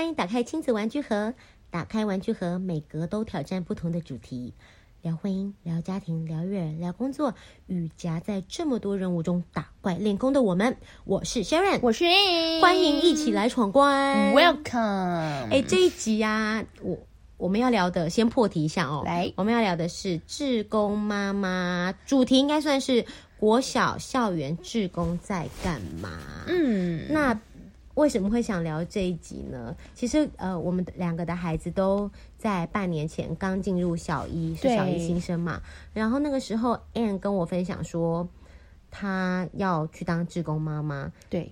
歡迎打開親子玩具盒，打開玩具盒，每格都挑戰不同的主題，聊婚姻，聊家庭，聊育兒，聊工作。與夾在這麼多任務中打怪練功的我們，我是 Sharon，我是 Ann，歡迎一起來闖關，Welcome。哎，這一集啊，我我們要聊的先破題一下哦，來，我們要聊的是志工媽媽，主題應該算是國小校園志工在幹嘛？嗯，那。為什麼會想聊這一集呢？其實，呃，我們兩個的孩子都在半年前剛進入小一，是小一新生嘛。然後那個時候，Ann 跟我分享說，她要去當志工媽媽。對，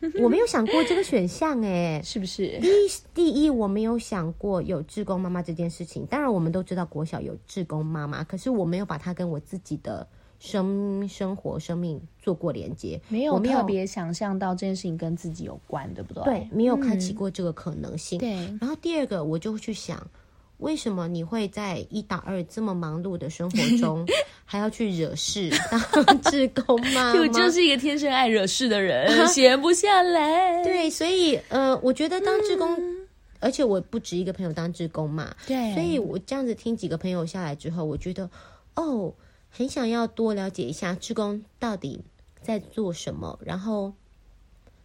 誒，我沒有想過這個選項，欸，哎， 是不是？第一，第一，我沒有想過有志工媽媽這件事情。當然，我們都知道國小有志工媽媽，可是我沒有把她跟我自己的。生、生活生命做過連接，沒有特別想象到這件事情跟自己有關，有對，對不對？對，沒有開啟過這個可能性、嗯。對。然後第二個，我就去想，為什麼你會在一打二這麼忙碌的生活中，還要去惹事當志工媽？ 我就是一個天生愛惹事的人，閒、啊、不下來。對，所以呃，我覺得當志工、嗯，而且我不止一個朋友當志工嘛。對。所以我這樣子聽幾個朋友下來之後，我覺得哦，很想要多了解一下志工到底在做什麼，然後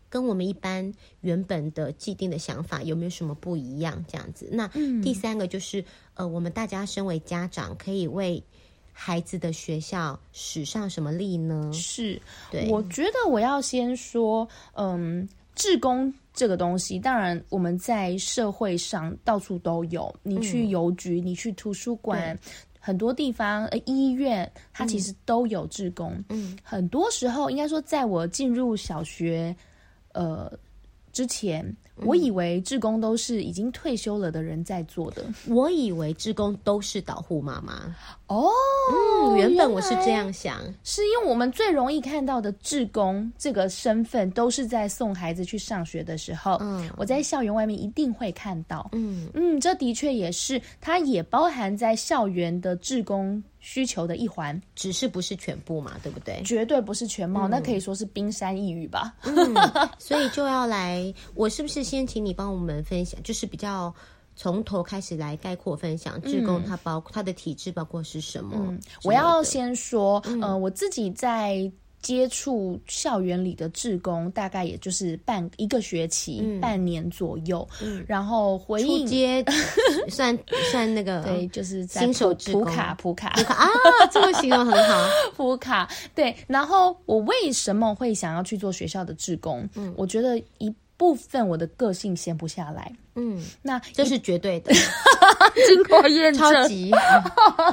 跟我們一般原本的既定的想法有沒有什麼不一樣？這樣子。那第三個就是，嗯、呃，我們大家身為家長，可以為孩子的學校使上什麼力呢？是，對。我覺得我要先說，嗯，志工這個東西，當然我們在社會上到處都有。你去郵局，你去圖書館。嗯很多地方，呃，醫院它其實都有志工。嗯，嗯，很多時候，應該說，在我進入小學，呃，之前。我以為志工都是已經退休了的人在做的。嗯、我以為志工都是導護媽媽哦，嗯，原本我是這樣想，是因為我們最容易看到的志工這個身份都是在送孩子去上學的時候，嗯，我在校園外面一定會看到，嗯嗯，這的確也是，它也包含在校園的志工需求的一環，只是不是全部嘛，對不對？絕對不是全貌，嗯、那可以說是冰山一隅吧。嗯，所以就要來， 我是不是？先請你幫我們分享，就是比較從頭開始來概括分享，志工他包、嗯、他的體制包括是什麼？嗯、我要先說、嗯，呃，我自己在接觸校園裡的志工，嗯、大概也就是半一個學期、嗯、半年左右，嗯、然後回應接 算算那個對，就是在新手志工普卡普卡普卡啊，這個形容很好， 普卡對。然後我為什麼會想要去做學校的志工？嗯，我覺得一。部分我的個性閒不下來，嗯，那這是絕對的，經過驗證，超級，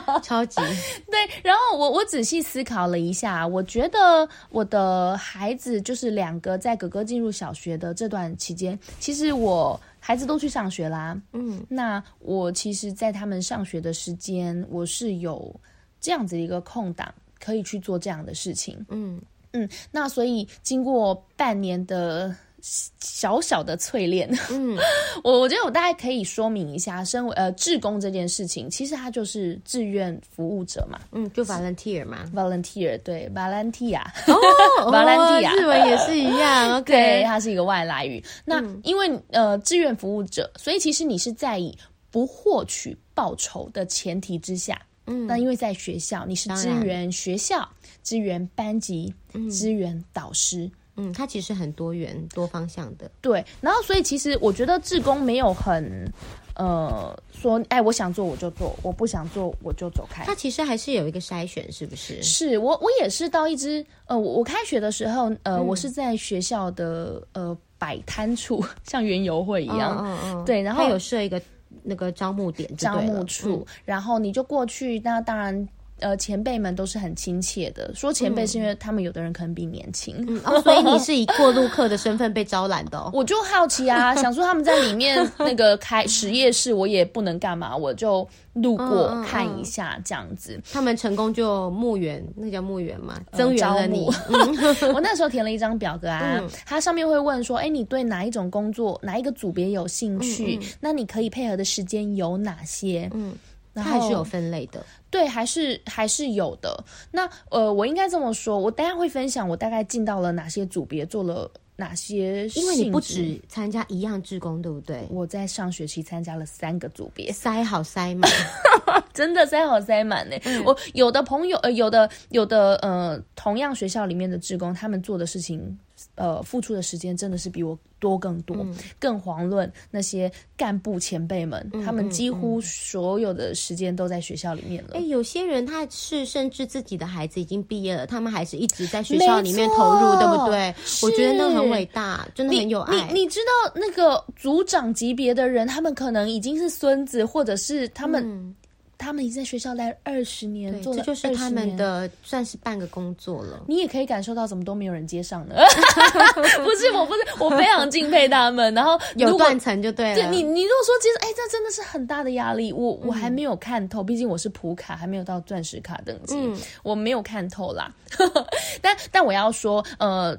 嗯、超級對。然後我我仔細思考了一下，我覺得我的孩子就是兩個，在哥哥進入小學的這段期間，其實我孩子都去上學啦，嗯，那我其實，在他們上學的時間，我是有這樣子一個空檔可以去做這樣的事情，嗯嗯，那所以經過半年的。小小的淬鍊，嗯，我我覺得我大概可以說明一下，身為呃，志工這件事情，其實它就是志願服務者嘛，嗯，就 volunteer 嘛，volunteer 對 volunteer，volunteer，、哦 哦、日文也是一樣 ，OK，它是一個外來語。那、嗯、因為呃，志願服務者，所以其實你是在以不獲取報酬的前提之下，嗯，但因為在學校，你是支援學校、支援班級、支援導師。嗯嗯，它其實很多元、多方向的。對，然後所以其實我覺得志工沒有很，呃，說哎、欸，我想做我就做，我不想做我就走開。它其實還是有一個篩選，是不是？是我，我也是到一支，呃，我開學的時候，呃，嗯、我是在學校的呃擺攤處，像園遊會一樣哦哦哦，對，然後它有設一個那個招募點、招募處、嗯，然後你就過去，那當然。呃，前輩們都是很親切的。說前輩是因為他們有的人可能比你年輕、嗯 哦，所以你是以過路客的身份被招攬的哦。 我就好奇啊，想說他們在裡面那個開實驗室，我也不能幹嘛，我就路過看一下這樣子。嗯嗯嗯，他們成功就募員，那叫募員嘛，增援了你。嗯、 我那時候填了一張表格啊、嗯，它上面會問說，哎、欸，你對哪一種工作，哪一個組別有興趣嗯嗯？那你可以配合的時間有哪些？嗯。它還是有分類的，對，還是還是有的。那呃，我應該這麼說，我待會會分享我大概進到了哪些組別，做了哪些事情。因為你不止參加一樣志工，對不對？我在上學期參加了三個組別，塞好塞滿， 真的塞好塞滿嘞。我有的朋友，呃，有的有的呃，同樣學校裡面的志工，他們做的事情。呃，付出的時間真的是比我多更多，嗯、更遑論那些幹部前輩們、嗯，他們幾乎所有的時間都在學校裡面了。誒、欸，有些人他是甚至自己的孩子已經畢業了，他們還是一直在學校裡面投入，對不對？我覺得那很偉大，真的很有愛。你你，你知道那個組長級別的人，他們可能已經是孫子，或者是他們、嗯。他們已經在學校待二十年，做了二十年，這就是他們的算是半個工作了。你也可以感受到，怎麼都沒有人接上呢？ 不是，我不是，我非常敬佩他們。然後有斷層就對了。對，你你如果說其實，哎、欸，這真的是很大的壓力。我我還沒有看透，嗯、畢竟我是普卡，還沒有到鑽石卡等級、嗯，我沒有看透啦。 但但我要說，呃，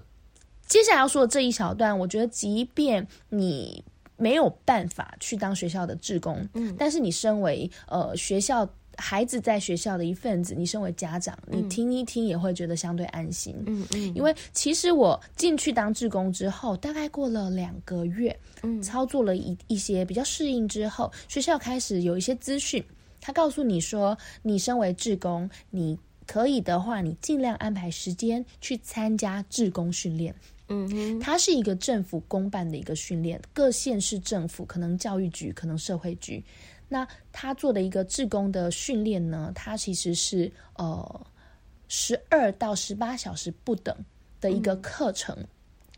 接下來要說的這一小段，我覺得，即便你。沒有辦法去當學校的志工，嗯、但是你身為呃學校孩子在學校的一份子，你身為家長，嗯、你聽一聽也會覺得相對安心、嗯嗯。因為其實我進去當志工之後，大概過了兩個月，嗯、操作了一一些比較適應之後，學校開始有一些資訊，他告訴你說，你身為志工，你可以的話，你盡量安排時間去參加志工訓練。嗯，它是一個政府公辦的一個訓練，各縣市政府，可能教育局，可能社會局，那他做的一個志工的訓練呢，它其實是呃十二到十八小時不等的一個課程，嗯。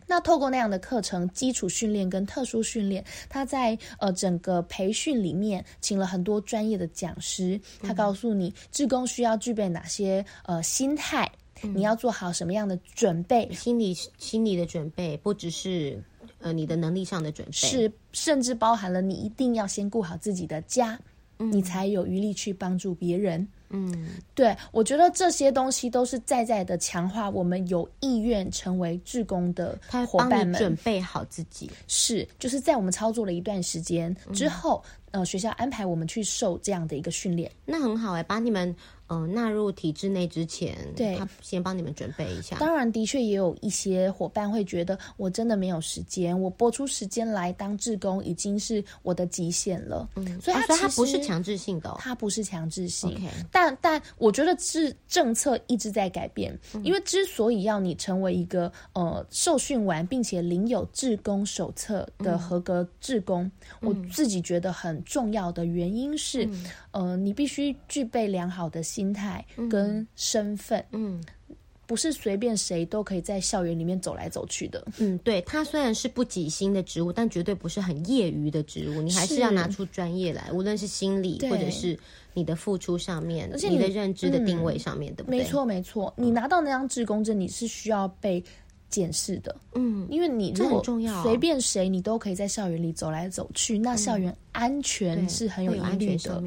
那透過那樣的課程，基礎訓練跟特殊訓練，他在呃整個培訓裡面，請了很多專業的講師，他、嗯、告訴你志工需要具備哪些呃心態。嗯、你要做好什麼樣的準備？心理心理的準備不只是，呃，你的能力上的準備，是甚至包含了你一定要先顧好自己的家、嗯，你才有餘力去幫助別人。嗯，對，我覺得這些東西都是在在的強化我們有意願成為志工的夥伴們，準備好自己是，就是在我們操作了一段時間、嗯、之後。呃，學校安排我們去受這樣的一個訓練，那很好哎、欸，把你們呃納入體制內之前，對，他，先幫你們準備一下。當然，的確也有一些夥伴會覺得，我真的沒有時間，我撥出時間來當志工已經是我的極限了。嗯，啊、所以他他、啊、不是強制性的、哦，他不是強制性。Okay、但但我覺得是政策一直在改變，嗯、因為之所以要你成為一個呃受訓完並且領有志工手冊的合格志工、嗯嗯，我自己覺得很。重要的原因是，嗯、呃，你必須具備良好的心態跟身份、嗯，嗯，不是隨便誰都可以在校園裡面走來走去的。嗯，對，它雖然是不支薪的職務，但絕對不是很業餘的職務，你還是要拿出專業來，無論是心理或者是你的付出上面，而且你，你的認知的定位上面，嗯、對不對？沒錯，沒錯，你拿到那張志工證、嗯，你是需要被。檢視的，嗯，因為你如果隨便誰，你都可以在校園裡走來走去，啊、那校園安全是很有,、嗯、有安全的。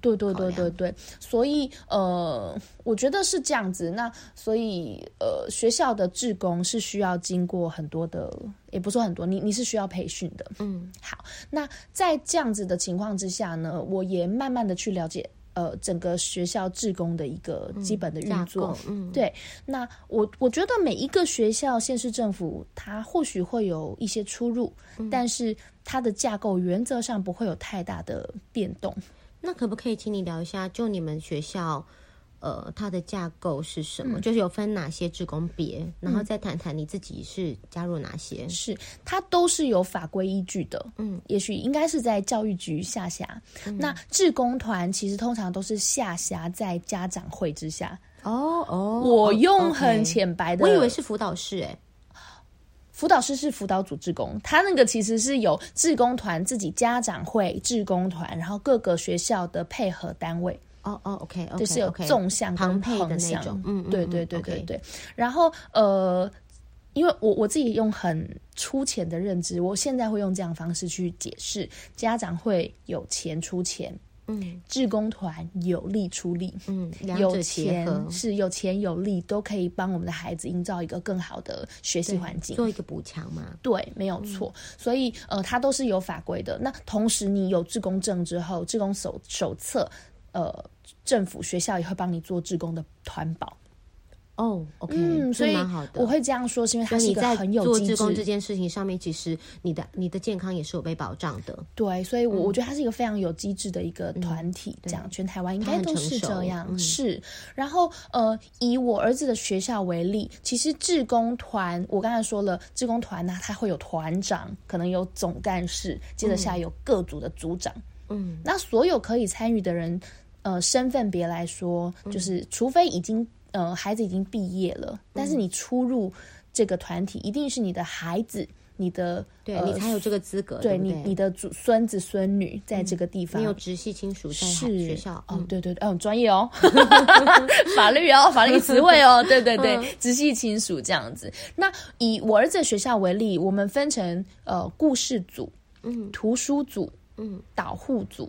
對對對對對，所以呃，我覺得是這樣子。那所以呃，學校的志工是需要經過很多的，也不是說很多，你你是需要培訓的。嗯，好，那在這樣子的情況之下呢，我也慢慢的去了解。呃，整個學校志工的一個基本的運作，嗯，對。那我我覺得每一個學校、縣市政府，它或許會有一些出入，嗯，但是它的架構原則上不會有太大的變動。那可不可以請你聊一下，就你們學校？呃，它的架構是什麼？嗯、就是有分哪些志工別，嗯，然後再談談你自己是加入哪些？是它都是有法規依據的。嗯，也許應該是在教育局下轄、嗯。那志工團其實通常都是下轄在家長會之下。哦哦，我用很淺白的、哦 okay，我以為是輔導室、欸。誒，輔導師是輔導組志工，他那個其實是有志工團自己家長會志工團，然後各個學校的配合單位。哦、oh, 哦 okay, okay,，OK，就是有縱向跟橫向的那種嗯嗯，嗯，對對對對對。然後呃，因為我我自己用很粗淺的認知，我現在會用這樣方式去解釋：家長會有錢出錢，嗯，志工團有力出力，嗯，有錢是有錢有力都可以幫我們的孩子營造一個更好的學習環境，做一個補強嘛。對，沒有錯、嗯。所以呃，它都是有法規的。那同時你有志工證之後，志工手手冊，呃。政府學校也會幫你做志工的團保哦、oh,，OK，、嗯、所以蠻好的。我會這樣說是因為，它是一個很有機制，你在做志工這件事情上面，其實你的你的健康也是有被保障的。對，所以我，、嗯、我覺得它是一個非常有機制的一個團體。這樣，嗯、全台灣應該都是這樣。是。然後，呃，以我兒子的學校為例，其實志工團，我剛才說了，志工團呢、啊，它會有團長，可能有總幹事，接着下來有各組的組長。嗯，那所有可以參與的人。呃，身份別來說，就是除非已經呃孩子已經畢業了，嗯，但是你出入這個團體，一定是你的孩子，你的對、呃、你才有這個資格。對，對，對，你，你的祖孫子孫女在這個地方，嗯，你有直系親屬在是學校哦，嗯呃。對對對，呃，專業哦， 法律哦，法律詞彙哦。 對對對，直系親屬這樣子。嗯，那以我兒子的學校為例，我們分成呃故事組，嗯，圖書組，嗯，嗯導護組，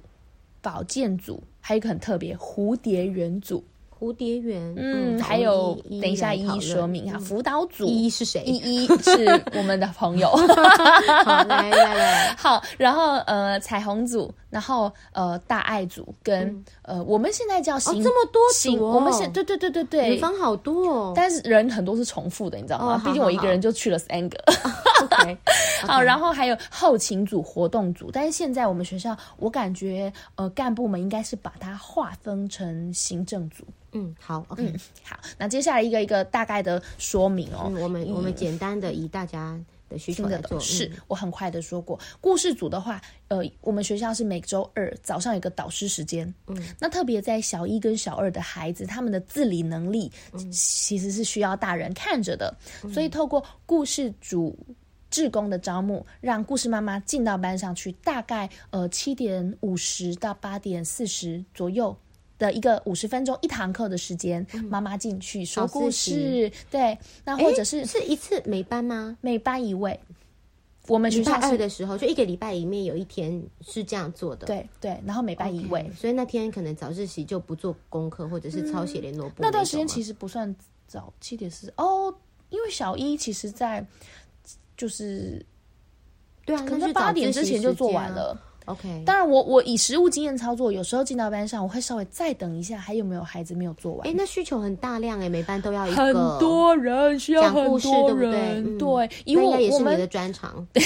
保健組。還有一個很特別，蝴蝶園組、嗯，蝴蝶園，嗯，還有一一一一等一下，一一說明啊，輔、嗯、導組，一一是誰？一一是我們的朋友， 好，來來來，好，然後呃，彩虹組。然後呃，大愛組跟、嗯、呃，我們現在叫行、哦、這麼多組、哦，我們現在對對對對對，人分好多哦。但是人很多是重複的，你知道嗎？哦、好好好，畢竟我一個人就去了三個。哦、okay, okay, 好，okay. 然後還有後勤組、活動組。但是現在我們學校，我感覺呃，幹部們應該是把它劃分成行政組。嗯，好、okay，嗯，好。那接下來一個一個大概的說明哦，嗯、我們我們簡單的以大家。的學習的，是、嗯、我很快的說過。故事組的話，呃，我們學校是每周二早上有個導師時間，嗯，那特別在小一跟小二的孩子，他們的自理能力其實是需要大人看着的、嗯，所以透過故事組志工的招募，讓故事媽媽進到班上去，大概呃七點五十到八點四十左右。的一個五十分鐘一堂課的時間，媽媽進去說故事。嗯、對，那或者是，欸、是一次每班嗎？每班一位。我們暑假二的時候，就一個禮拜裡面有一天是這樣做的。對對，然後每班一位，okay, 所以那天可能早自習就不做功課或者是抄寫聯絡簿、嗯不。那段時間其實不算早，七點四十哦，因為小一其實在，在就是對啊，可能在八點之前就做完了。OK，當然我我以實務經驗操作，有時候進到班上，我會稍微再等一下，還有沒有孩子沒有做完？哎、欸，那需求很大量哎，每班都要一個，很多人需要很多人，對，對，因為我也是你的專長我，我們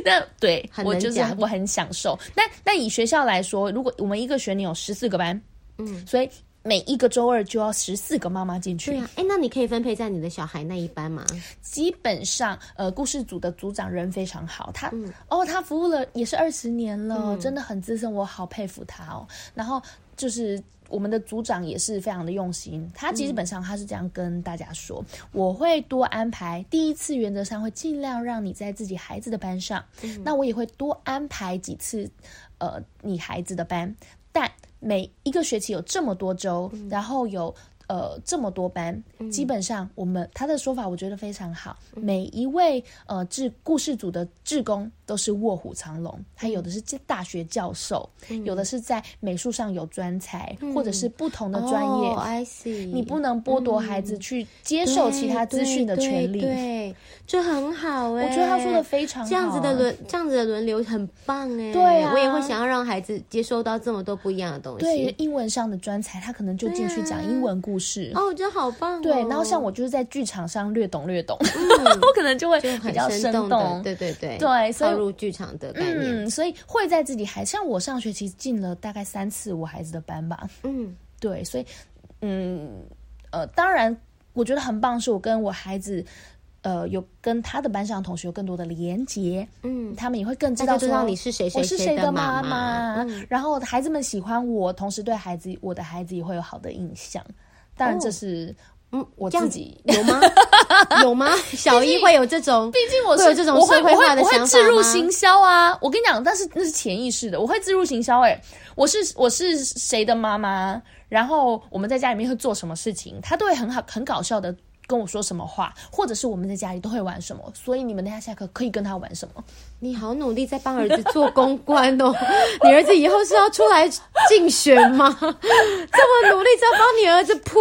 那對很，我就是我很享受。那那以學校來說，如果我們一個學年有十四個班，嗯，所以。每一個周二就要十四個媽媽進去對、啊。對呀，哎，那你可以分配在你的小孩那一班嗎？基本上，呃，故事組的組長人非常好，他、嗯、哦，他服務了也是二十年了、嗯，真的很資深，我好佩服他哦。然後就是我們的組長也是非常的用心，他基本上他是這樣跟大家說：嗯、我會多安排第一次，原則上會盡量讓你在自己孩子的班上、嗯，那我也會多安排幾次，呃，你孩子的班，但。每一個學期有這麼多周、嗯，然後有。呃，這麼多班，基本上我們、嗯、他的說法，我覺得非常好。嗯、每一位呃志故事組的志工都是臥虎藏龍、嗯，他有的是大學教授、嗯，有的是在美術上有專才，嗯、或者是不同的專業。哦、I see。你不能剝奪孩子去接受其他資訊的權利，嗯、對，這很好。哎，我覺得他說的非常好，這樣子的輪這樣子的輪流很棒。哎，對、啊，我也會想要讓孩子接受到這麼多不一樣的東西。對，英文上的專才，他可能就進去講英文故事。是哦，我覺得好棒哦。對，然後像我就是在劇場上略懂略懂，嗯、 我可能就會比較生動。對對對對，融入劇場的概念，所以會在自己孩像我上學期進了大概三次我孩子的班吧。嗯，對，所以嗯呃，當然我覺得很棒，是我跟我孩子呃有跟他的班上的同學有更多的連接。嗯，他們也會更知道知道你是誰誰我是誰的媽媽、嗯。然後孩子們喜歡我，同時對孩子我的孩子也會有好的印象。當然這是，嗯，我自己有嗎？有嗎？ 有嗎，小一會有這種，畢竟我是有這種社會化的想法，我會置入行銷啊！ 我跟你講，但是那是潛意識的，我會置入行銷。哎，我是我是誰的媽媽？然後我們在家裡面會做什麼事情，他都會很好很搞笑的。跟我說什麼話，或者是我們在家裡都會玩什麼，所以你們等一下下課可以跟他玩什麼？你好努力在幫兒子做公關哦， 你兒子以後是要出來競選嗎？這麼努力在幫你兒子鋪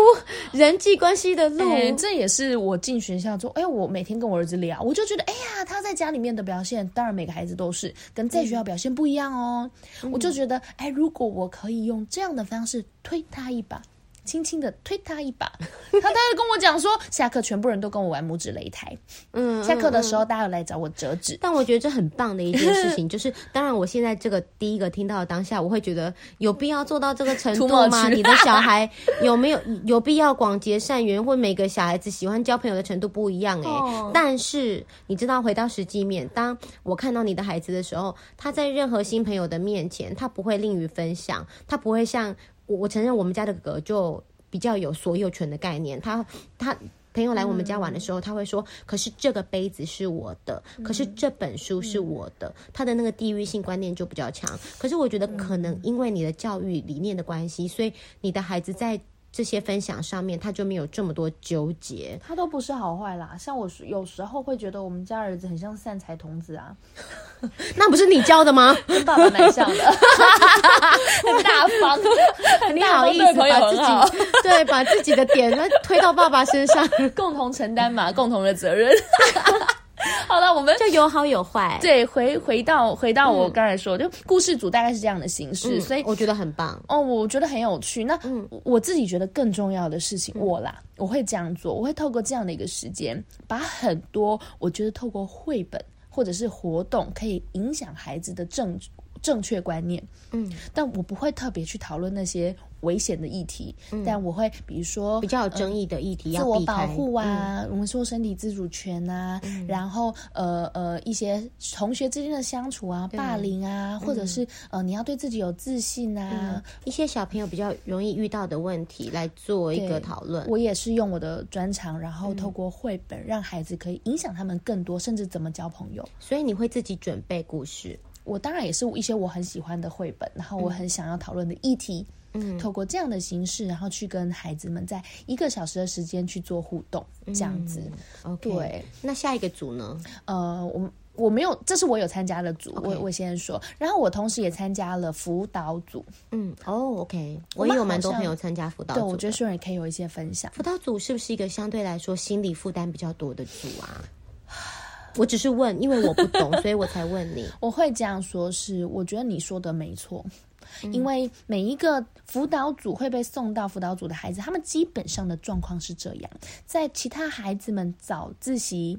人際關係的路。欸，這也是我進學校之後，哎、欸，我每天跟我兒子聊，我就覺得哎、欸、呀，他在家裡面的表現，當然每個孩子都是跟在學校表現不一樣哦，嗯、我就覺得哎、欸，如果我可以用這樣的方式推他一把。輕輕的推他一把，他他就跟我講說， 下課全部人都跟我玩拇指擂台。嗯， 下課的時候大家來找我折紙、嗯嗯。但我覺得這很棒的一件事情， 就是當然我現在這個第一個聽到的當下，我會覺得有必要做到這個程度嗎？ 你的小孩有沒有有必要廣結善緣？或每個小孩子喜歡交朋友的程度不一樣哎、欸。 但是你知道，回到實際面，當我看到你的孩子的時候，他在任何新朋友的面前，他不會吝於分享，他不會像。我我承認，我們家的哥哥就比較有所有權的概念。他他朋友來我們家玩的時候，嗯，他會說：“可是這個杯子是我的，嗯、可是這本書是我的。嗯”他的那個地域性觀念就比較強。可是我覺得，可能因為你的教育理念的關係，所以你的孩子在。這些分享上面，他就沒有這麼多糾結，他都不是好壞啦。像我有時候會覺得，我們家兒子很像散財童子啊， 那不是你教的嗎？跟爸爸蠻像的 很大方 很大方，很大方，你好意思把自己對 把自己的點推到爸爸身上，共同承擔嘛， 共同的責任。 好了，我們就有好有壞。對，回回到回到我剛才說、嗯，就故事組大概是這樣的形式，嗯、所以我覺得很棒。哦，我覺得很有趣。那、嗯、我自己覺得更重要的事情，我啦，我會這樣做，我會透過這樣的一個時間，把很多我覺得透過繪本或者是活動可以影響孩子的正。正確觀念，嗯，但我不會特別去討論那些危險的議題、嗯，但我會比如說比較有爭議的議題要，自我保護啊，我、嗯、們說身體自主權啊，嗯、然後呃呃一些同學之間的相處啊，霸凌啊，或者是、嗯、呃你要對自己有自信啊、嗯，一些小朋友比較容易遇到的問題來做一個討論。我也是用我的專長，然後透過繪本讓孩子可以影響他們更多，甚至怎麼交朋友。所以你會自己準備故事。我當然也是一些我很喜歡的繪本，然後我很想要討論的議題，嗯，透過這樣的形式，然後去跟孩子們在一個小時的時間去做互動，嗯，這樣子。OK，那下一個組呢？呃，我我沒有，這是我有參加的組，Okay. 我我先說。然後我同時也參加了輔導組，嗯，哦，OK，我也有蠻多朋友參加輔導組，我對，我覺得雖然也可以有一些分享。輔導組是不是一個相對來說心理負擔比較多的組啊？我只是問，因為我不懂， 所以我才問你。我會這樣說，是，我覺得你說的沒錯。因為每一個輔導組會被送到輔導組的孩子，他們基本上的狀況是這樣：在其他孩子們早自習，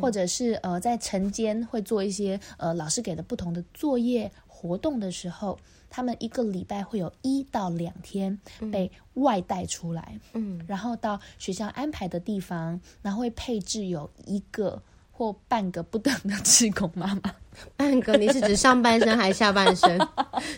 或者是呃在晨間會做一些呃老師給的不同的作業活動的時候，他們一個禮拜會有一到兩天被外帶出來，嗯，然後到學校安排的地方，然後會配置有一個。或半個不等的志工媽媽，半個你是指上半身還是下半身？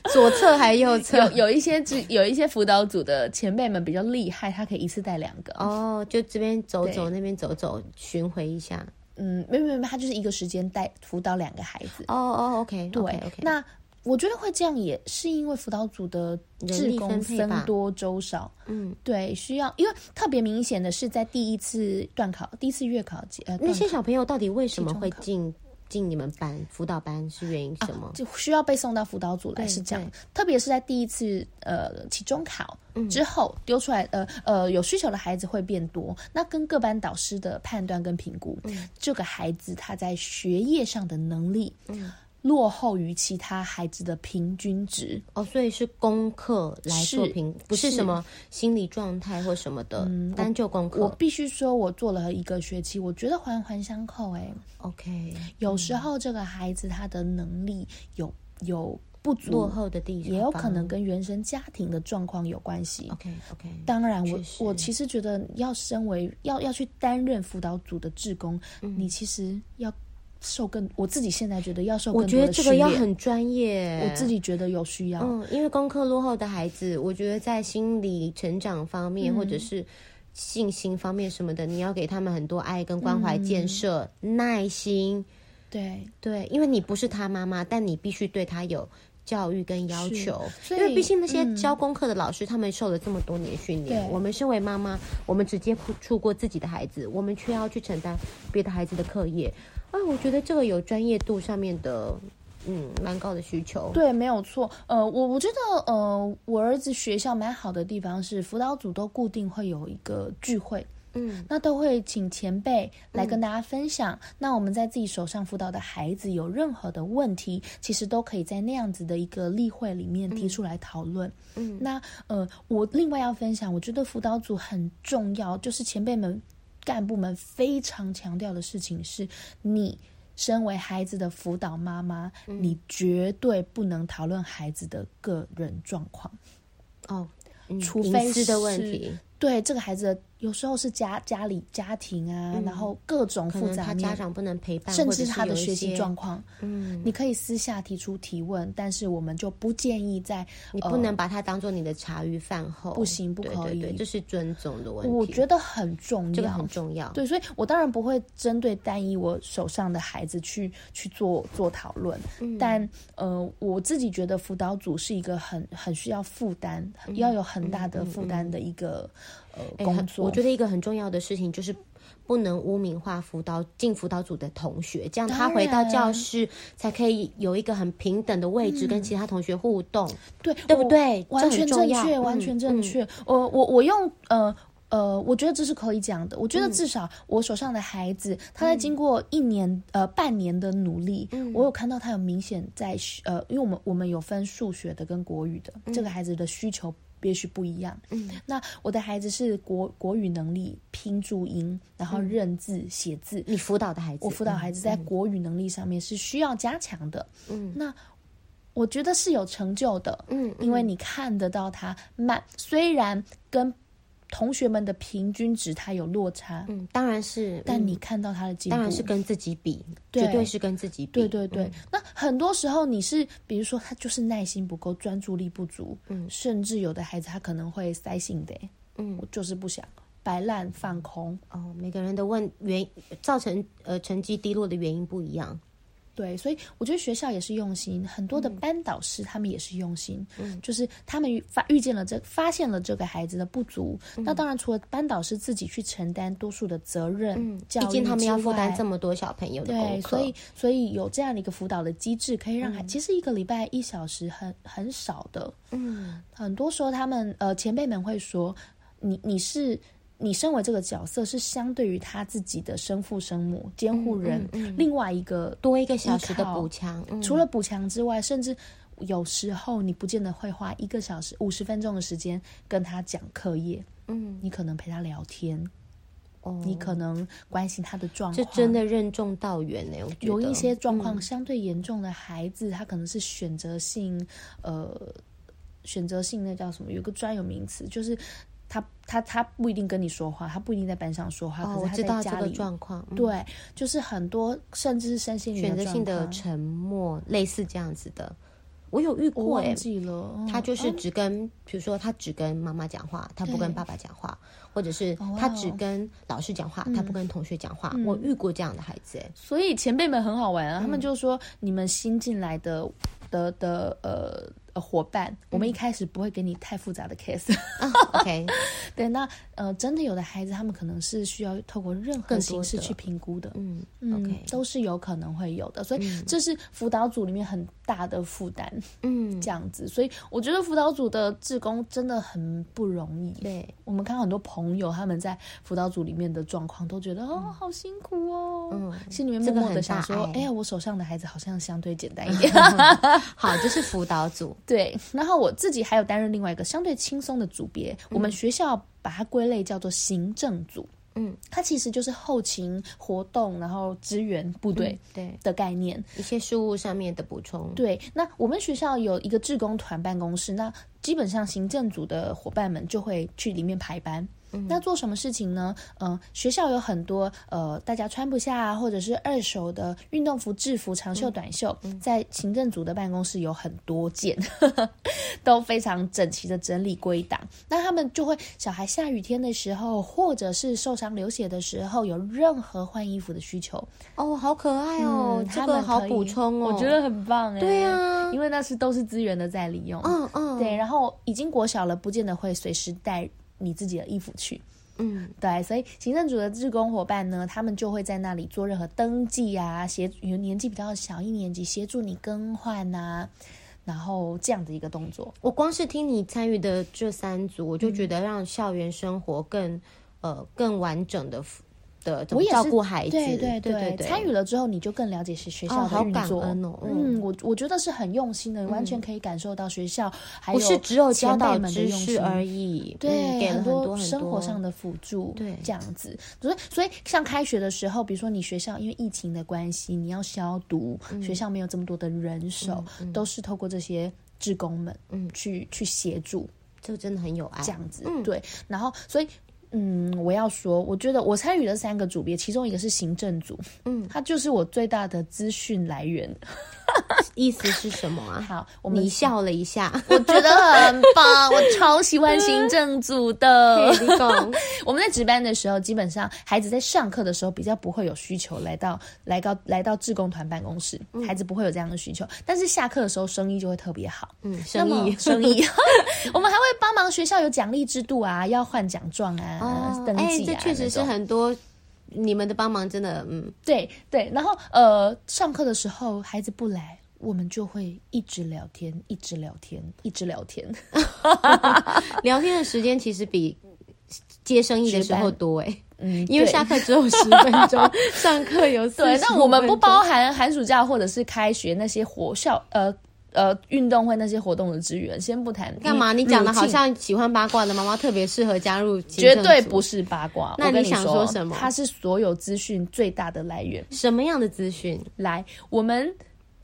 左側還是右側？有，有一些，只有一些輔導組的前輩們比較厲害，他可以一次帶兩個。哦，就這邊走走，那邊走走，巡迴一下。嗯，沒有沒有，他就是一個時間帶輔導兩個孩子。哦哦，OK，對，okay, okay. 那。我覺得會這樣，也是因為輔導組的志工僧多粥少，人力分配吧。嗯，對，需要，因為特別明顯的是，在第一次段考、第一次月考，考那些小朋友到底為什麼會進進你們班輔導班？是原因什麼、啊？就需要被送到輔導組來是這樣。對對，特別是在第一次呃期中考、嗯、之後，丟出來呃呃有需求的孩子會變多。那跟各班導師的判斷跟評估，嗯、這個孩子他在學業上的能力，嗯。落後於其他孩子的平均值哦，所以是功課來做評，不是什麼心理狀態或什麼的，嗯、單就功課。我必須說，我做了一個學期，我覺得環環相扣、欸。哎，OK，有時候這個孩子他的能力有、嗯、有不足落後的地方，也有可能跟原生家庭的狀況有關係。OK OK，當然我我其實覺得要身為要要去擔任輔導組的志工，嗯、你其實要。受更，我自己現在覺得要受更多的訓練。我覺得這個要很專業。我自己覺得有需要。嗯，因為功課落後的孩子，我覺得在心理成長方面，嗯、或者是信心方面什麼的，你要給他們很多愛跟關懷、建設、嗯、耐心。對對，因為你不是他媽媽，但你必須對他有教育跟要求。所以因為畢竟那些教功課的老師，嗯、他們受了這麼多年訓練。我們身為媽媽，我們只接觸過自己的孩子，我們卻要去承擔別的孩子的課業。哎，我覺得這個有專業度上面的，嗯，蠻高的需求。對，沒有錯。呃，我我覺得，呃，我兒子學校蠻好的地方是，輔導組都固定會有一個聚會，嗯，那都會請前輩來跟大家分享，嗯。那我們在自己手上輔導的孩子有任何的問題，其實都可以在那樣子的一個例會裡面提出來討論。嗯，嗯那呃，我另外要分享，我覺得輔導組很重要，就是前輩們。幹部們非常強調的事情是：你身為孩子的輔導媽媽，嗯，你絕對不能討論孩子的個人狀況。哦，嗯、除非是的問題。對這個孩子。的。有時候是家家裡家庭啊、嗯，然後各種複雜，可能他家長不能陪伴，甚至他的學習狀況，嗯，你可以私下提出提問，嗯、但是我們就不建議在你不能把它當做你的茶餘飯後，呃、不行，不可以對對對，這是尊重的問題。我覺得很重要，這個、很重要。對，所以我當然不會針對單一我手上的孩子去去做做討論，嗯、但呃，我自己覺得輔導組是一個很很需要負擔、嗯，要有很大的負擔的一個。嗯嗯嗯呃、工作、欸，我覺得一個很重要的事情就是不能污名化輔導進輔導組的同學，這樣他回到教室才可以有一個很平等的位置跟其他同學互動，嗯、對對不對？完全正確，嗯、完全正確。嗯嗯、我我我用呃呃，我覺得這是可以講的。我覺得至少我手上的孩子，嗯、他在經過一年呃半年的努力、嗯，我有看到他有明顯在學。呃，因為我們我們有分數學的跟國語的，嗯、這個孩子的需求。也許不一樣。嗯，那我的孩子是國國語能力、拼注音，然後認字、寫、嗯、字。你輔導的孩子，我輔導孩子在國語能力上面是需要加強的。嗯，那我覺得是有成就的。嗯，因為你看得到他慢、嗯嗯，雖然跟。同學們的平均值，它有落差，嗯，當然是。嗯、但你看到他的進步，當然是跟自己比對，絕對是跟自己比。對對對，對、嗯，那很多時候你是，比如說他就是耐心不夠，專注力不足，嗯，甚至有的孩子他可能會塞性的，嗯，我就是不想擺爛放空。哦，每個人的問原造成呃成績低落的原因不一樣。對，所以我覺得學校也是用心，很多的班導師他們也是用心，嗯，就是他們發遇見了這發現了這個孩子的不足，嗯，那當然除了班導師自己去承擔多數的責任，畢、嗯、竟他們要負擔這麼多小朋友的，對，所以所以有這樣的一個輔導的機制，可以讓孩子，嗯，其實一個禮拜一小時很很少的，嗯，很多時候他們呃前輩們會說，你你是。你身為這個角色，是相對於他自己的生父生母監護人嗯嗯嗯，另外一個多一個小時的補強、嗯。除了補強之外，甚至有時候你不見得會花一個小時、五十分鐘的時間跟他講課業。嗯，你可能陪他聊天，哦、你可能關心他的狀況。這真的任重道遠，我覺得有一些狀況、嗯、相對嚴重的孩子，他可能是選擇性呃選擇性那叫什麼？有一個專有名詞，就是。他他他不一定跟你說話，他不一定在班上說話，哦、可是他在家裡我知道這個狀況、嗯。對，就是很多甚至是身心選擇性的沉默，類似這樣子的，我有遇過誒、欸，他、哦哦、就是只跟，比、哦、如說他只跟媽媽講話，他不跟爸爸講話，或者是他只跟老師講話，他、哦嗯、不跟同學講話、嗯。我遇過這樣的孩子誒、欸，所以前輩們很好玩啊、嗯，他們就說你們新進來的的的呃。呃，夥伴、嗯，我們一開始不會給你太複雜的 case。 OK，對，那呃，真的有的孩子，他們可能是需要透過任何形式去評估的，的嗯，嗯，OK 都是有可能會有的，所以這是輔導組裡面很大的負擔，嗯，這樣子，嗯，所以我覺得輔導組的志工真的很不容易。對，我們看到很多朋友他們在輔導組裡面的狀況，都覺得、嗯、哦，好辛苦哦，嗯，心裡面默默的想說、這個，哎呀，我手上的孩子好像相對簡單一點。 好，就是輔導組， 對。然後我自己還有擔任另外一個相對輕鬆的組別，嗯，我們學校把它歸類叫做行政組。嗯，它其實就是後勤活動，然後支援部隊對的概念，嗯、一些事務上面的補充。對，那我們學校有一個志工團辦公室，那基本上行政組的夥伴們就會去裡面排班。那做什麼事情呢？嗯，學校有很多呃、大家穿不下，啊、或者是二手的運動服、制服、長袖、短袖，嗯嗯，在行政組的辦公室有很多件，呵呵，都非常整齊的整理歸檔。那他們就會小孩下雨天的時候，或者是受傷流血的時候，有任何換衣服的需求哦，好可愛哦，嗯、這個他們好補充哦，我覺得很棒誒，對呀，啊，因為那是都是資源的在利用，嗯嗯，對，然後已經國小了，不見得會隨時帶你自己的衣服去，嗯，對，所以行政組的志工夥伴呢，他們就會在那裡做任何登記啊，協助有年紀比較小一年級協助你更換啊，然後這樣的一個動作。我光是聽你參與的這三組，我就覺得讓校園生活更、嗯、呃更完整的。的照顧孩子，我也是對對對對,對對對，參與了之後，你就更了解學學校的運作、哦好感哦、嗯,嗯，我我覺得是很用心的、嗯，完全可以感受到學校、嗯、還有不是只有教導知識而已，對、嗯，給了很多,很,多很多生活上的輔助，對，這樣子。所以所以，像開學的時候，比如說你學校因為疫情的關係，你要消毒，嗯、學校沒有這麼多的人手，嗯嗯、都是透過這些志工們，嗯，去去協助，就真的很有愛這樣子、嗯。對，然後所以。嗯，我要說，我覺得我參與了三個組別，其中一個是行政組，嗯，他就是我最大的資訊來源。意思是什麼啊？好我們，你笑了一下，我覺得很棒， 我超喜歡行政組的。 我們在值班的時候，基本上孩子在上課的時候比較不會有需求來到來到來到志工團辦公室、嗯，孩子不會有這樣的需求。但是下課的時候，生意就會特別好。嗯，生意生意，生意 我們還會幫忙學校有獎勵制度啊，要換獎狀啊。啊等啊、哎，這確實是很多你們的幫忙，真的，嗯，對對。然後，呃，上課的時候孩子不來，我們就會一直聊天，一直聊天，一直聊天。 聊天的時間其實比接生意的時候多哎，嗯，因為下課只有十分鐘，上課有對。那 我們不包含寒暑，暑假或者是開學那些活校，呃。呃，運動會那些活動的資源，先不談。幹嘛？你講的好像喜歡八卦的媽媽特別適合加入，絕對不是八卦。那你，你想說什麼？它是所有資訊最大的來源。什麼樣的資訊？來，我們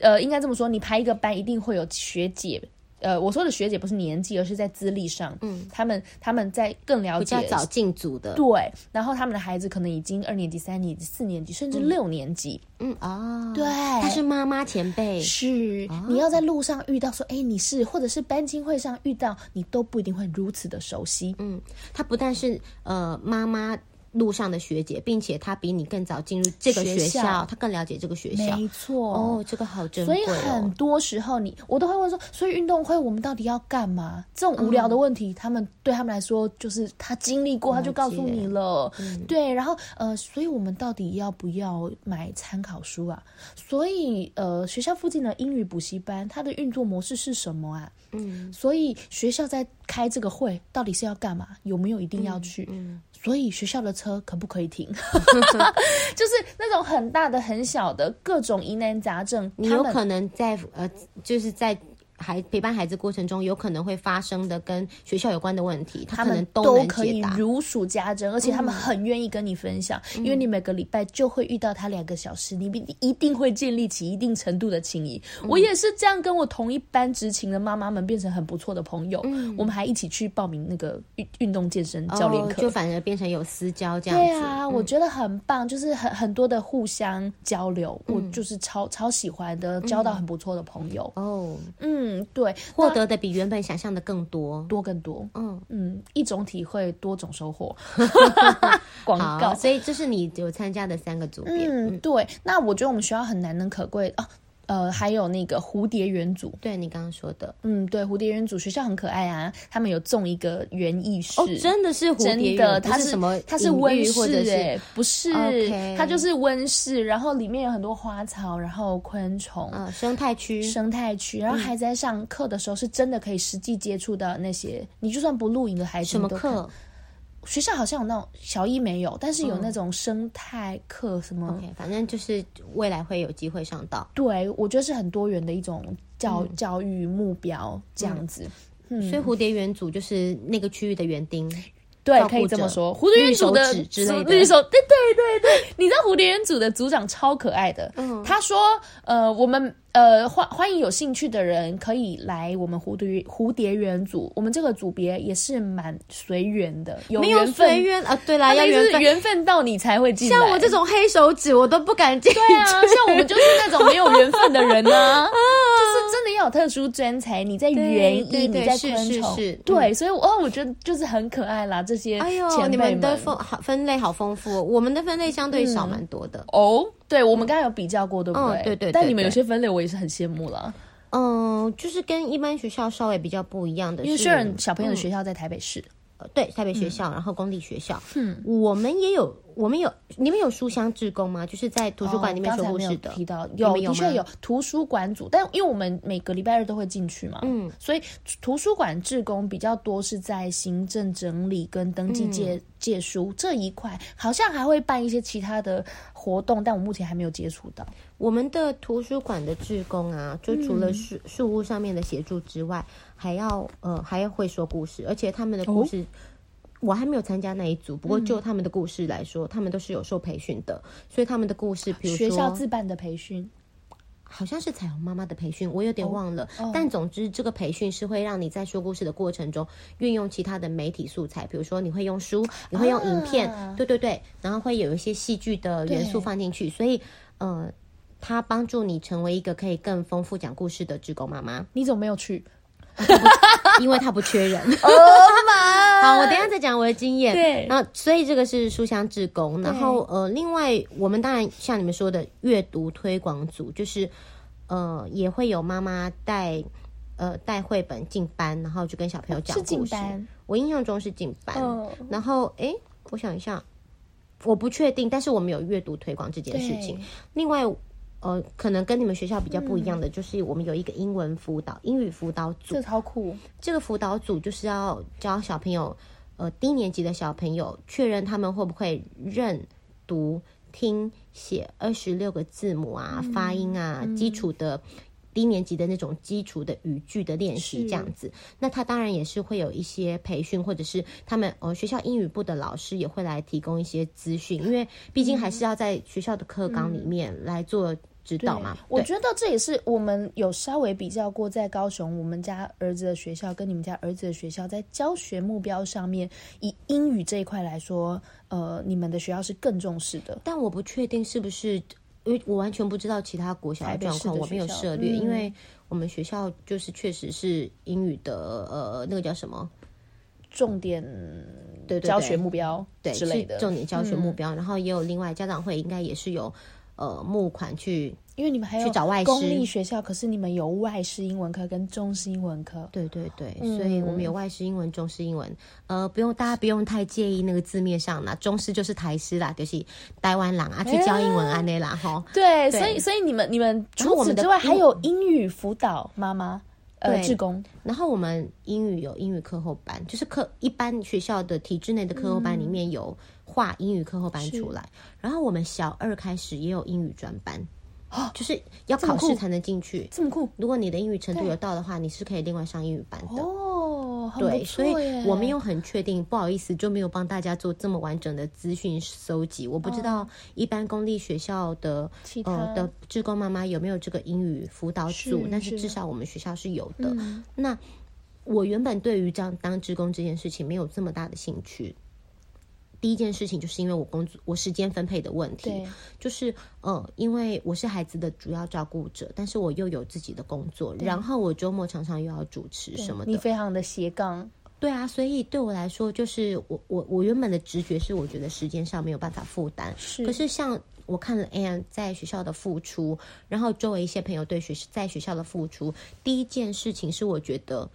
呃，應該這麼說，你排一個班，一定會有學姐。呃，我說的學姐不是年紀，而是在資歷上。嗯，他們他們在更了解比較早進組的，對。然後他們的孩子可能已經二年級、三年級、四年級，嗯、甚至六年級。嗯啊、哦，對，他是媽媽前輩，是、哦、你要在路上遇到說，哎，你是或者是班親會上遇到，你都不一定會如此的熟悉。嗯，他不但是呃媽媽。路上的學姐，並且她比你更早進入這個學校，她更了解這個學校。沒錯，哦，這個好珍貴哦。所以很多時候你，你我都會問說，所以運動會我們到底要幹嘛？這種無聊的問題，嗯、他們對他們來說就是他經歷過，他就告訴你了。了解、嗯。對，然後呃，所以我們到底要不要買參考書啊？所以呃，學校附近的英語補習班它的運作模式是什麼啊？嗯，所以學校在開這個會到底是要幹嘛？有沒有一定要去？嗯嗯所以學校的車可不可以停 ？ 就是那種很大的、很小的各種疑難雜症，你有可能在呃，就是在。還陪伴孩子過程中有可能會發生的跟學校，有關的問題，他可能都能解答，他們都可以如數家珍，而且他們很願意跟你分享，嗯、因為你每個禮拜就會遇到他兩個小時，嗯、你必你一定會建立起一定程度的情誼、嗯。我也是這樣，跟我同一班執勤的媽媽們變成很不錯的朋友、嗯，我們還一起去報名那個運運動健身教練課、哦，就反而變成有私交這樣子。對啊，我覺得很棒，嗯、就是很很多的互相交流，嗯、我就是超超喜歡的，交到很不錯的朋友、嗯、哦，嗯。嗯，對，獲得的比原本想象的更多，多更多。嗯嗯，一種體會，多種收穫。廣 告，所以這是你有參加的三個組別。嗯，對嗯。那我覺得我們學校很難能可貴哦。啊呃，還有那個蝴蝶園組，對你剛剛說的，嗯，對，蝴蝶園組，學校很可愛啊，他們有種一個園藝室，哦，真的是蝴蝶，真的，它是什麼？它是溫室，欸？不是，不是，okay，它就是溫室，然後裡面有很多花草，然後昆蟲，嗯、哦，生態區，生態區，然後孩子在上課的時候，是真的可以實際接觸到那些、嗯，你就算不錄影的孩子，什麼課？學校好像有那種小一沒有，但是有那種生態課什麼，okay, 反正就是未來會有機會上到。對，我覺得是很多元的一種教、嗯、教育目標這樣子。嗯嗯、所以蝴蝶園組就是那個區域的園丁，對，可以這麼說。蝴蝶園組的組，所以對對對對，你知道蝴蝶園組的組長超可愛的，嗯、他說呃我們。呃，歡歡迎有興趣的人可以來我們蝴蝶蝴蝶園組。我們這個組別也是蠻隨緣的，有緣分沒有隨緣啊，對啦，要緣、緣分到你才會進，像我這種黑手指，我都不敢進，對啊對。像我們就是那種沒有緣分的人呢、啊， 就是真的要有特殊專才。你在園藝你在昆蟲、嗯，對，所以哦，我覺得就是很可愛啦。這些前輩們、哎、呦你們的分，分分類好豐富，我們的分類相對少蠻多的、嗯、哦。對我們剛才有比較過，嗯、對不對？哦、對、對、對對。但你們有些分類，我也是很羨慕了。嗯，就是跟一般學校稍微比較不一樣的是，因為雖然小朋友的學校在台北市，呃、嗯，對，台北學校，嗯、然後公立學校，嗯，我們也有。我們有，你們有書香志工嗎？就是在圖書館裡面說故事的，哦、沒有，有，有的確有圖書館組，但因為我們每個禮拜日都會進去嘛，嗯，所以圖書館志工比較多是在行政整理跟登記借借、嗯、書這一塊，好像還會辦一些其他的活動，但我目前還沒有接觸到我們的圖書館的志工啊，就除了書、嗯、書屋上面的協助之外，還要呃還要會說故事，而且他們的故事。哦我還沒有參加那一組，不過就他們的故事來說，嗯、他們都是有受培訓的，所以他們的故事，比如說學校自辦的培訓，好像是彩虹媽媽的培訓，我有點忘了。Oh, oh. 但總之，這個培訓是會讓你在說故事的過程中運用其他的媒體素材，比如說你會用書，你會用影片，oh. 對對對，然後會有一些戲劇的元素放進去，所以呃，它幫助你成為一個可以更豐富講故事的志工媽媽。你怎麼沒有去？ 因為他不缺人，oh, 好，我等一下再講我的經驗。對，那所以這個是書香志工，然後呃，另外我們當然像你們說的閱讀推廣組，就是呃，也會有媽媽帶呃帶繪本進班，然後就跟小朋友講故事。哦，我印象中是進班。哦，然後哎、欸，我想一下，我不確定，但是我們有閱讀推廣這件事情。另外。呃，可能跟你們學校比較不一樣的、嗯、就是，我們有一個英文輔導、英語輔導組，這超酷。這個輔導組就是要教小朋友，呃，低年級的小朋友確認他們會不會認讀、聽寫二十六個字母啊、嗯、發音啊、嗯、基礎的。一年級的那種基礎的語句的練習，這樣子。那他當然也是會有一些培訓，或者是他們呃學校英語部的老師也會來提供一些資訊，因為畢竟還是要在學校的課綱裡面、嗯、來做指導嘛。我覺得這也是我們有稍微比較過，在高雄我們家兒子的學校跟你們家兒子的學校，在教學目標上面，以英語這一塊來說，呃，你們的學校是更重視的。但我不確定是不是。我完全不知道其他國小的狀況，我沒有涉獵、嗯，因為我們學校就是確實是英語的，呃，那個叫什麼重點，對，教學目標，對之類的重點教學目標，對對對，是重點教學目標、嗯，然後也有另外家長會應該也是有呃募款去。因為你們還有公去找外師公立學校，可是你們有外師英文科跟中師英文科。對對對，嗯、所以我們有外師英文、中師英文。呃，不用大家不用太介意那個字面上啦，中師就是台師啦，就是台灣人啊，欸、去教英文啊。那、欸、啦，哈。對，所以所以你們你們除此之外還有英語輔導媽媽，呃對，志工。然後我們英語有英語課後班，就是課一般學校的體制內的課後班裡面有劃英語課後班出來，嗯，然後我們小二開始也有英語專班。啊、就是要考試才能進去這，這麼酷！如果你的英語程度有到的話，你是可以另外上英語班的哦。Oh, 對，所以我沒有很確定，不好意思，就沒有幫大家做這麼完整的資訊搜集。我不知道一般公立學校的、oh, 呃的志工媽媽有沒有這個英語輔導組，但是至少我們學校是有的。嗯、那我原本對於這樣當志工這件事情沒有這麼大的興趣。第一件事情就是因為我工作，我時間分配的問題，就是嗯、呃，因為我是孩子的主要照顧者，但是我又有自己的工作，然後我周末常常又要主持什麼的，你非常的斜槓，對啊，所以對我來說，就是我我我原本的直覺是我覺得時間上沒有辦法負擔，是，可是像我看了 Ann 在學校的付出，然後周圍一些朋友對學在學校的付出，第一件事情是我覺得。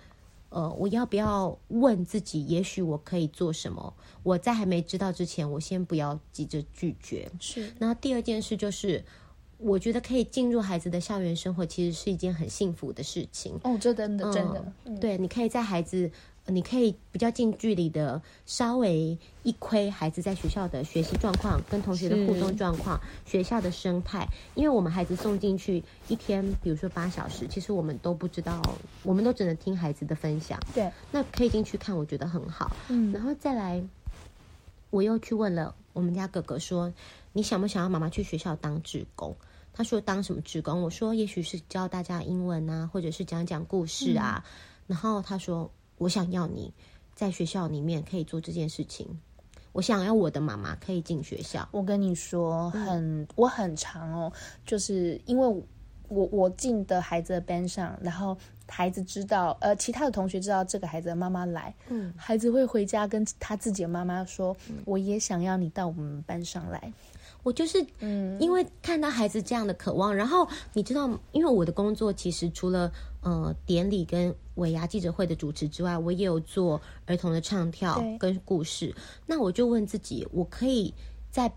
呃，我要不要問自己？也許我可以做什麼？我在還沒知道之前，我先不要急着拒絕。是。然後第二件事就是，我覺得可以進入孩子的校園生活，其實是一件很幸福的事情。哦，這真的、呃、真的、嗯。對，你可以在孩子。你可以比較近距離的稍微一窺孩子在學校的學習狀況、跟同學的互動狀況、學校的生態。因為我們孩子送進去一天，比如說八小時，其實我們都不知道，我們都只能聽孩子的分享。對，那可以進去看，我覺得很好。嗯，然後再來，我又去問了我們家哥哥說：“你想不想要媽媽去學校當志工？”他說：“當什麼志工？”我說：“也許是教大家英文啊，或者是講講故事啊。嗯”然後他說。我想要你，在學校裡面可以做這件事情。我想要我的媽媽可以進學校。我跟你說，很、嗯、我很常哦，就是因為我我進的孩子的班上，然後孩子知道，呃，其他的同學知道這個孩子的媽媽來，嗯，孩子會回家跟他自己的媽媽說，嗯，我也想要你到我們班上來。我就是，嗯，因為看到孩子這樣的渴望，然後你知道，因為我的工作其實除了，呃，典禮跟尾牙記者會的主持之外，我也有做兒童的唱跳跟故事。那我就問自己：我可以在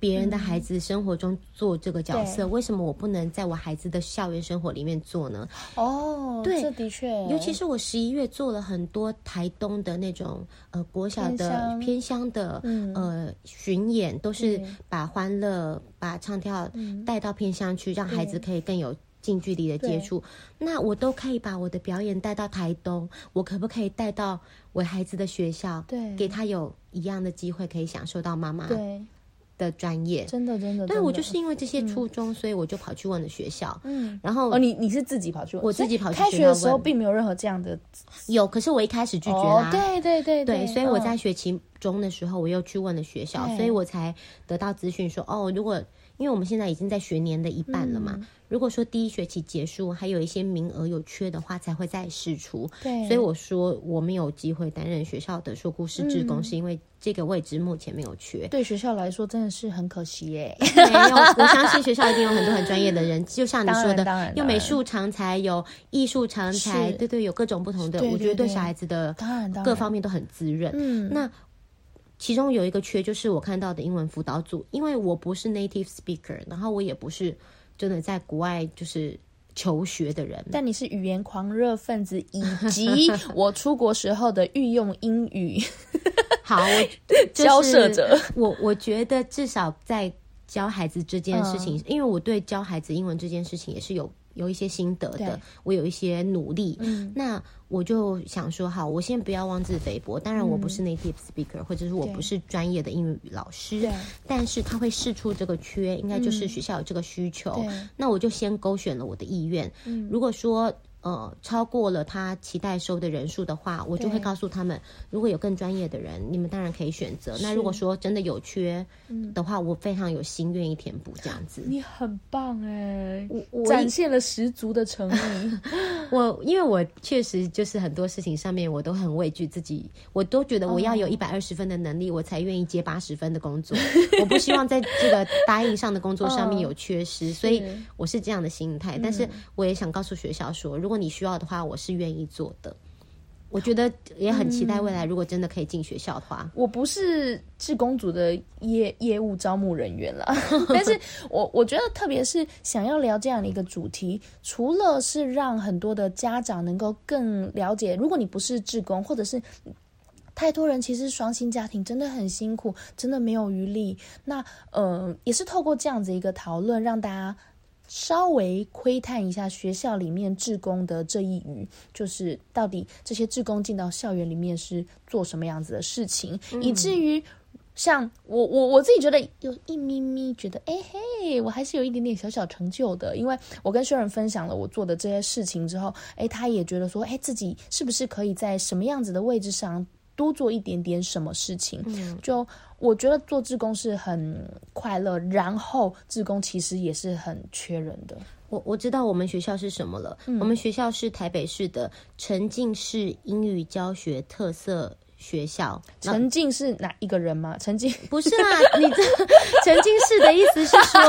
別人的孩子生活中做這個角色，嗯、為什麼我不能在我孩子的校園生活裡面做呢？哦，對，這的確，尤其是我十一月做了很多台東的那種呃國小的偏鄉，偏鄉的、嗯、呃巡演，都是把歡樂、嗯、把唱跳帶到偏鄉去，嗯、讓孩子可以更有。近距離的接觸，那我都可以把我的表演帶到台東，我可不可以帶到我孩子的學校？對，給他有一樣的機會可以享受到媽媽對的專業，真的真的，真的。對，我就是因為這些初衷，嗯，所以我就跑去問了學校，嗯，然後哦，你你是自己跑去，我自己跑去學校。開學的時候並沒有任何這樣的，有，可是我一開始拒絕了，啊哦。對對對對，對，所以我在學期中的時候，哦、我又去問了學校，所以我才得到資訊說，哦，如果。因為我們現在已經在學年的一半了嘛，嗯、如果說第一學期結束還有一些名額有缺的話，才會再釋出。對，所以我說我們有機會擔任學校的說故事志工、嗯，是因為這個位置目前沒有缺。對學校來說真的是很可惜耶。 我相信學校一定有很多很專業的人，嗯、就像你說的，有美術長才，有藝術長才，對對，對對，有各種不同的。對對對，我覺得對小孩子的當然當然各方面都很滋潤。嗯，那。其中有一個缺就是我看到的英文輔導組，因為我不是 native speaker，然後我也不是真的在國外就是求學的人。但你是語言狂熱分子，以及我出國時候的御用英語， 好我、就是、交涉者。我我覺得至少在教孩子這件事情、嗯，因為我對教孩子英文這件事情也是有。有一些心得的，我有一些努力，嗯、那我就想說，好，我先不要妄自菲薄。當然，我不是 native speaker，、嗯、或者是我不是專業的英語老師，但是他會釋出這個缺，應該就是學校有這個需求。嗯、那我就先勾選了我的意願。嗯、如果說。呃，超過了他期待收的人數的話，我就會告訴他們，如果有更專業的人，你們當然可以選擇。那如果說真的有缺的話，嗯、我非常有心願意填補這樣子。你很棒哎，展現了十足的誠意。我,我因為我確實就是很多事情上面我都很畏懼自己，我都覺得我要有一百二十分的能力，嗯、我才願意接八十分的工作。 我不希望在這個答應上的工作上面有缺失，嗯、所以我是這樣的心態、嗯。但是我也想告訴學校說，如如果你需要的話，我是願意做的。我覺得也很期待未來，嗯、如果真的可以進學校的話，我不是志工組的業業務招募人員了。 但是我我覺得，特別是想要聊這樣的一個主題、嗯，除了是讓很多的家長能夠更了解，如果你不是志工，或者是太多人，其實雙薪家庭真的很辛苦，真的沒有餘力。那呃，也是透過這樣子一個討論，讓大家。稍微窺探一下學校裡面志工的這一隅，就是到底這些志工進到校園裡面是做什麼樣子的事情，嗯、以至於像我我我自己覺得有一咪咪覺得，哎、欸、嘿，我還是有一點點小小成就的，因為我跟別人分享了我做的這些事情之後，哎、欸，他也覺得說，哎、欸，自己是不是可以在什麼樣子的位置上？多做一點點什麼事情，就我覺得做志工是很快樂。然後志工其實也是很缺人的。我我知道我們學校是什麼了，嗯，我們學校是台北市的沉浸式英語教學特色。學校沉浸是哪一個人嗎？沉浸不是啦、啊。你這沉浸式的意思是說，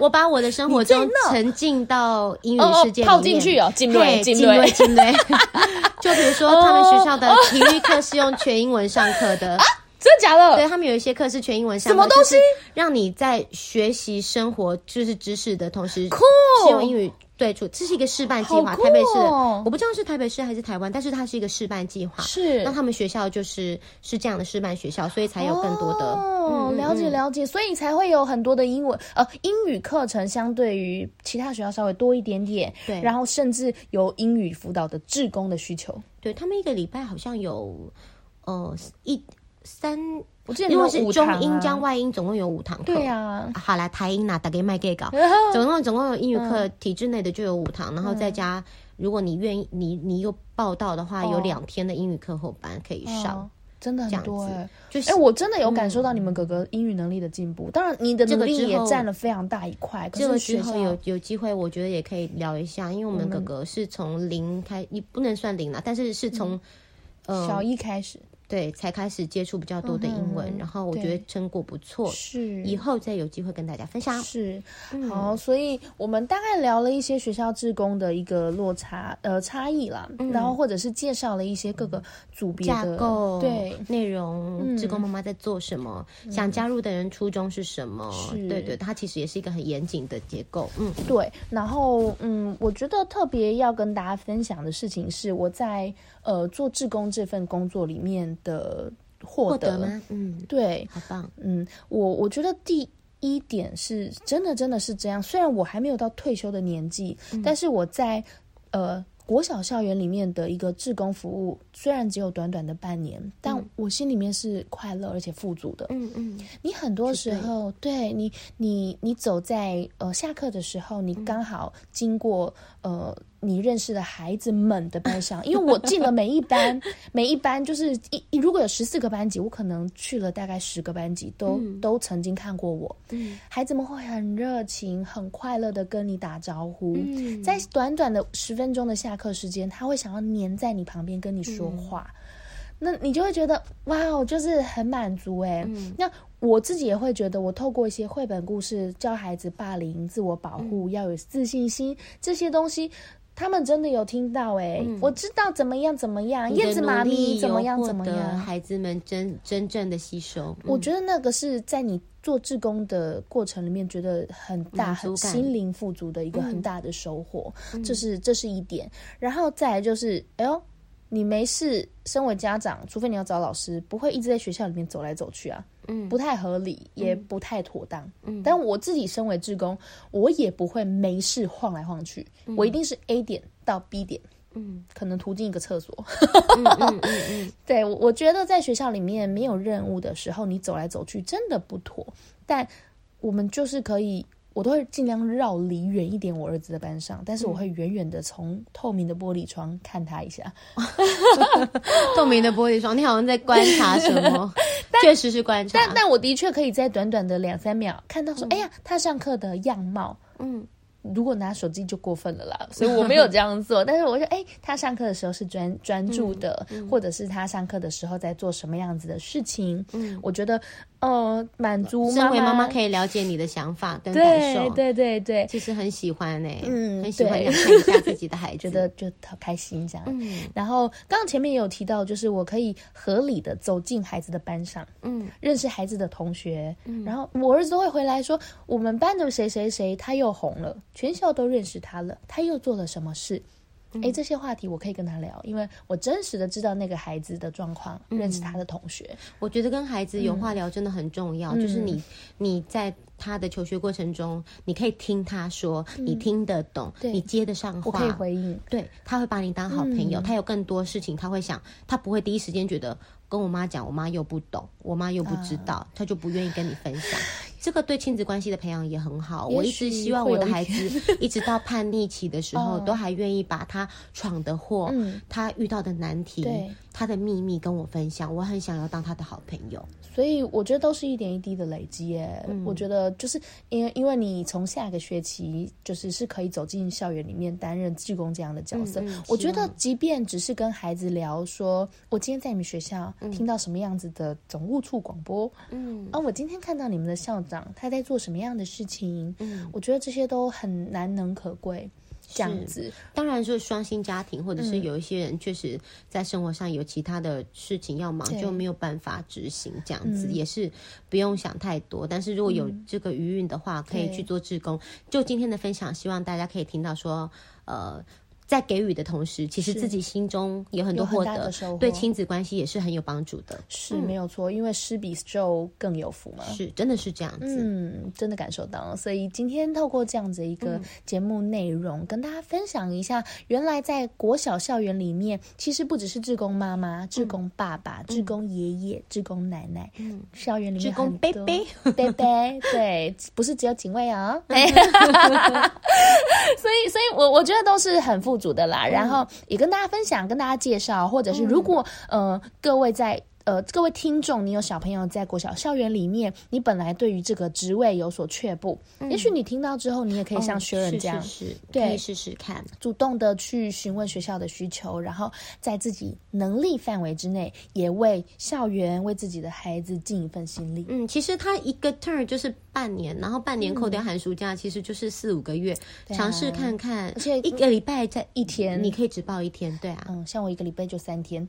我把我的生活中沉浸到英語世界裡面，套進、oh, oh, 去哦，浸 就比如說、oh, 他們學校的體育課是用全英文上課的啊，真的假的？對，他們有一些課是全英文上課，什麼東西、就是、讓你在學習生活就是知識的同時，cool. 使用英語。對，這這是一個示範計劃、哦，台北市，我不知道是台北市還是台灣，但是它是一個示範計劃。是，那他們學校就是是這樣的示範學校，所以才有更多的哦、嗯，了解、了解，所以才會有很多的英文呃英語課程，相對於其他學校稍微多一點點。對，然後甚至有英語輔導的志工的需求。對他們一個禮拜好像有呃一。三，我之前因為是中英加外英，總共有五堂課。對啊，啊好了，台英拿大家給麥給搞。總 共總共有英語課，體制內的就有五堂，嗯、然後再加。如果你願意，你你有報到的話，哦、有兩天的英語課後班可以上。哦、真的很多這樣子，就哎、是欸，我真的有感受到你們哥哥英語能力的進步、嗯。當然，你的努力也占了非常大一塊。這個之後、這個、有有機會，我覺得也可以聊一下，因為我們哥哥是從零開，你、嗯、不能算零了，但是是從、嗯、呃小一開始。對，才開始接觸比較多的英文，嗯、然後我覺得成果不錯，是以後再有機會跟大家分享。是、嗯、好，所以我們大概聊了一些學校志工的一個落差呃差異啦、嗯，然後或者是介紹了一些各個組別的架構對內容、嗯，志工媽媽在做什麼，嗯、想加入的人初衷是什麼、嗯？對對，它其實也是一個很嚴謹的結構。嗯，對。然後嗯，我覺得特別要跟大家分享的事情是我在。呃，做志工這份工作裡面的獲得，獲得嗎？嗯，對，好棒。嗯，我我覺得第一點是，真的，真的是這樣。雖然我還沒有到退休的年紀，嗯，但是我在呃國小校園裡面的一個志工服務，雖然只有短短的半年，但我心裡面是快樂而且富足的。嗯嗯，嗯，你很多時候對，對你，你你走在呃下課的時候，你剛好經過，嗯，呃。你認識的孩子們的班上，因為我進了每一班， 每一班就是一一，如果有十四個班級，我可能去了大概十個班級，嗯、都都曾經看過我。嗯、孩子們會很熱情、很快樂的跟你打招呼。嗯、在短短的十分鐘的下課時間，他會想要黏在你旁邊跟你說話、嗯，那你就會覺得哇，就是很滿足哎、欸嗯。那我自己也會覺得，我透過一些繪本故事教孩子霸凌、自我保護、嗯、要有自信心這些東西。他們真的有聽到誒、欸嗯、我知道怎麼樣怎麼樣，葉子媽咪怎麼樣怎麼樣，孩子們真真正的吸收。我覺得那個是在你做志工的過程裡面，覺得很大、很心靈富足的一個很大的收穫、嗯，這是這是一點、嗯。然後再來就是，哎呦，你沒事，身為家長，除非你要找老師，不會一直在學校裡面走來走去啊。嗯，不太合理、嗯，也不太妥當。嗯，但我自己身為志工，我也不會沒事晃來晃去，嗯、我一定是 A 點到 B 點。嗯，可能途經一個廁所。哈 哈、嗯，嗯嗯，嗯，對，我覺得在學校裡面沒有任務的時候，你走來走去真的不妥。但我們就是可以。我都會盡量繞離遠一點，我兒子的班上，但是我會遠遠的從透明的玻璃窗看他一下。 透明的玻璃窗，你好像在觀察什麼？ 但確實是觀察，但但，但我的確可以在短短的兩三秒看到說，哎呀，他上課的樣貌。嗯，如果拿手機就過分了啦，所以我沒有這樣做。 但是我覺得，哎，他上課的時候是專專注的、嗯嗯，或者是他上課的時候在做什麼樣子的事情？嗯，我覺得。哦、嗯，滿足媽媽。身為媽媽可以了解你的想法跟感受，對對對，對其實很喜歡哎、欸，嗯，很喜歡看一下自己的孩子， 覺得就好開心這樣。嗯，然後剛剛前面也有提到，就是我可以合理的走進孩子的班上，嗯，認識孩子的同學，嗯，然後我兒子會回來說，我們班的誰誰誰他又紅了，全校都認識他了，他又做了什麼事。哎、欸，這些話題我可以跟他聊，因為我真實的知道那個孩子的狀況、嗯，認識他的同學。我覺得跟孩子有話聊真的很重要，嗯、就是你，你在他的求學過程中，嗯、你可以聽他說，嗯、你聽得懂，你接得上話，我可以回應。對，他會把你當好朋友、嗯，他有更多事情他會想，他不會第一時間覺得跟我媽講，我媽又不懂，我媽又不知道，啊、他就不願意跟你分享。 這個對親子關係的培養也很好。我一直希望我的孩子，一直到叛逆期的時候，都還願意把他闖的禍、 嗯、他遇到的難題。他的秘密跟我分享，我很想要當他的好朋友，所以我覺得都是一點一滴的累積耶、嗯。我覺得就是因為，因為你從下個學期就是是可以走進校園裡面擔任志工這樣的角色，嗯嗯，我覺得即便只是跟孩子聊說，我今天在你們學校聽到什麼樣子的總務處廣播，嗯，而，我今天看到你們的校長他在做什麼樣的事情，嗯，我覺得這些都很難能可貴。這樣子，當然說雙薪家庭，或者是有一些人確實在生活上有其他的事情要忙，嗯、就沒有辦法執行這樣子、嗯，也是不用想太多。但是如果有這個餘韻的話、嗯，可以去做志工。就今天的分享，希望大家可以聽到說，呃。在給予的同時，其實自己心中有很多獲得，很大的收穫對親子關係也是很有幫助的。是，沒有錯、嗯，因為施比受更有福嘛。是，真的是這樣子。嗯，真的感受到。所以今天透過這樣子一個節目內容、嗯，跟大家分享一下，原來在國小校園裡面，其實不只是志工媽媽、志工爸爸、嗯、志工爺爺、志工奶奶，嗯，校園裡面志工 baby baby，對，不是只有警衛啊、哦。 所以，所以我我覺得都是很負。組的啦，然後也跟大家分享，跟大家介紹，或者是如果、嗯、呃各位在。呃，各位聽眾，你有小朋友在國小校園裡面，你本來對於這個職位有所卻步，嗯、也許你聽到之後，你也可以像學人這樣、嗯，是是是，對，可以試試看，主動的去詢問學校的需求，然後在自己能力範圍之內，也為校園為自己的孩子盡一份心力。嗯，其實他一個 turn 就是半年，然後半年扣掉寒暑假，其實就是四五個月，嗯、嘗試看看，啊、而且一個禮拜才一天、嗯，你可以只報一天，對啊，嗯，像我一個禮拜就三天，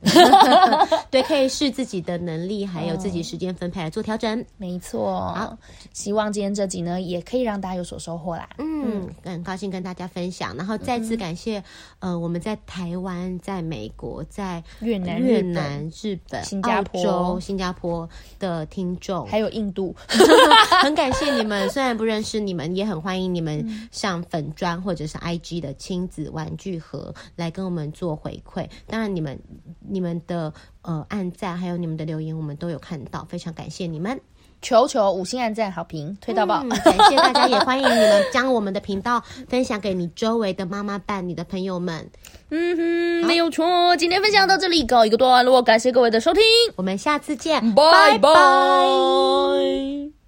對，可以試。自己的能力還有自己時間分配來做調整，哦、沒錯。好，希望今天這集呢也可以讓大家有所收穫啦。嗯，很高興跟大家分享，然後再次感謝、嗯、呃我們在台灣、在美國、在越南、越南、日本、新加坡、新加坡的聽眾，還有印度， 很感謝你們。雖然不認識你們，也很歡迎你們上粉專或者是 IG 的親子玩具盒來跟我們做回饋。當然你，你們你們的。呃，按讚還有你們的留言，我們都有看到，非常感謝你們，求求五星按讚、好評、推到爆、嗯，感謝大家， 也歡迎你們將我們的頻道分享給你周圍的媽媽伴你的朋友們。嗯哼，沒有錯，今天分享到這裡，告一個段落，感謝各位的收聽，我們下次見，拜拜。Bye bye。